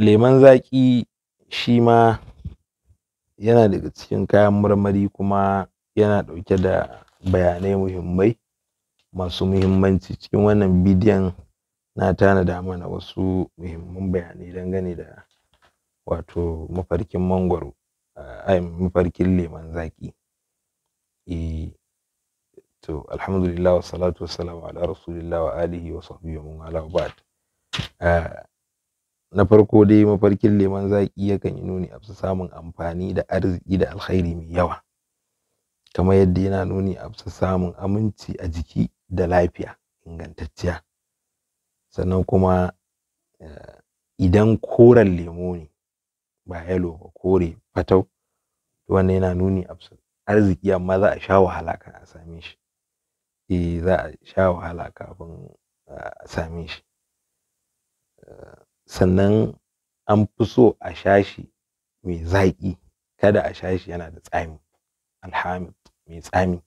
lemon zaƙi shi ma yana daga cikin kayan marmari kuma yana ɗauke da bayanai muhimmai masu muhimmanci cikin wannan bidiyon na tanada mana wasu muhimman bayanai dangane da wato mafarkin mangwaro ai eh, mafarkin lemon zaƙi eh to alhamdulillah wassalatu wassalamu ala rasulillah wa alihi wa sahbihi wa man wala ba'd eh, na farko dai mafarkin leman zaƙi yakan yi nuni a samun amfani da arziki da alkhairi mai yawa kamar yadda yana nuni a samun aminci a jiki da lafiya ingantacciya sannan kuma eh, idan koren lemo ne ba yalo ba kore fatau wannan yana nuni a arziki amma za a sha wahala kan a same shi eh za a sha wahala kafin eh, a same shi eh, sannan an fi so a shashi mai zaƙi kada a shashi yana da tsami alhamid mai tsami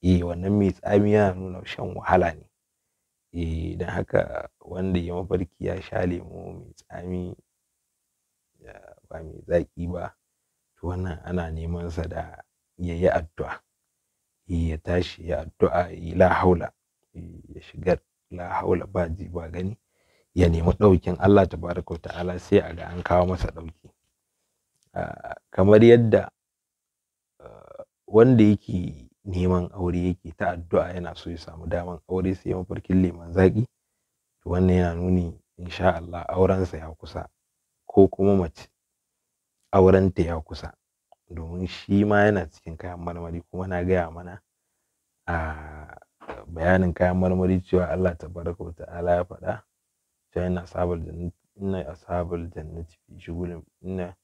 E, wannan mai tsami yana nuna shan wahala ne E, don haka wanda ya mafarki ya sha lemo mai tsami ba mai zaƙi ba to wannan ana neman sa da ya yi addu'a eh, ya tashi ya addu'a ya la haula ya shigar la haula ba ji ba gani ya nemi ɗaukin Allah tabaraka wa ta'ala sai a ga an kawo masa ɗauki kamar yadda wanda yake neman aure yake ta addu'a yana so ya samu daman aure sai mafarkin liman zaki to wannan yana nuni insha Allah aurensa ya kusa ko kuma mace aurenta ya kusa domin shi ma yana cikin kayan marmari kuma na gaya mana a bayanin kayan marmari cewa Allah tabaraka wa ta'ala ya faɗa فإن أصحاب الجنة إن أصحاب الجنة في شغل إن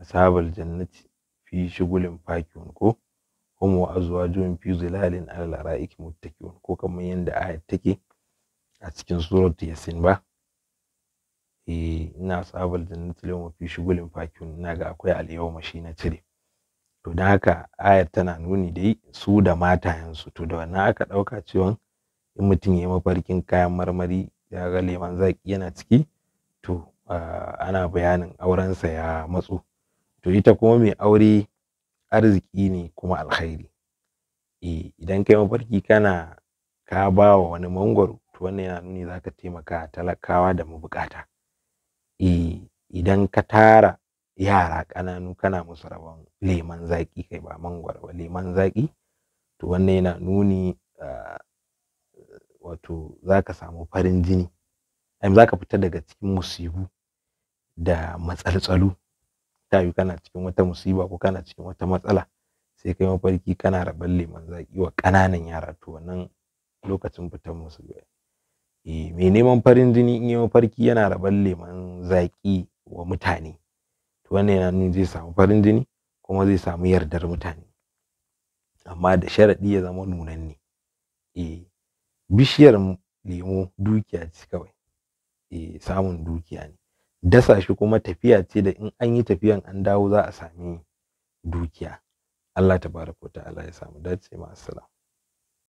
أصحاب الجنة في شغل فاكهون كو هم وأزواجهم في ظلال على الأرائك متكئون كو كما يند آية تكي أتكين سورة ياسين با إن أصحاب الجنة اليوم في شغل فاكهون ناقا أكوي shi شينا تري to dan haka ayar tana nuni dai su da matayensu to da wannan aka ɗauka cewa in mutum ya mafarkin kayan marmari ya ga leman zaki yana ciki to ana bayanin aurensa ya matsu to ita kuma mai aure arziki ne kuma alkhairi e idan kai mafarki kana ka ba wa wani mangwaro to wannan yana nuni za ka taimaka talakawa da mabukata e idan ka tara yara ƙananu kana musu rabon leman zaki kai ba mangwaro ba leman zaƙi to wannan yana nuni wato zaka samu farin jini ai zaka fita daga cikin musibu da matsaltsalu ta yi kana cikin wata musiba ko kana cikin wata matsala sai kai mafarki kana rabar leman zaki wa ƙananan yara to wannan lokacin fitar musu eh mai neman farin jini in yi mafarki yana rabar leman zaki wa mutane to wannan yana nuni zai samu farin jini kuma zai samu yardar mutane amma da sharaɗi ya zama nunanne eh bishiyar lemo dukiya ce kawai eh samun dukiya ne dasa shi kuma tafiya ce da in an yi tafiyan an dawo za a sami dukiya Allah tabaraka wa ta'ala ya samu dace ma assalamu